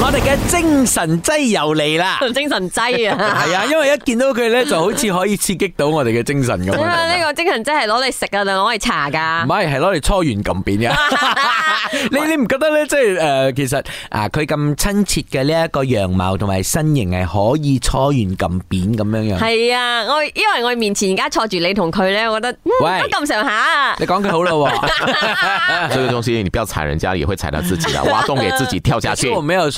我哋嘅精神劑又嚟啦，精神劑啊，係啊，因為一見到佢咧，就好似可以刺激到我哋嘅精神咁。啊，呢個精神劑係攞嚟食啊，定攞嚟搽噶？唔係，係攞嚟搓圓撳扁噶。 你你唔覺得咧？即係誒，其實啊，佢咁親切嘅呢一個樣貌同埋身形，係可以搓圓撳扁咁樣樣。係啊，我因為我面前而家坐住你同佢咧，我覺得、嗯、喂，咁上下。你講佢好咯喎，這個東西你不要踩人家，你會踩到自己啊！挖洞給自己跳下去。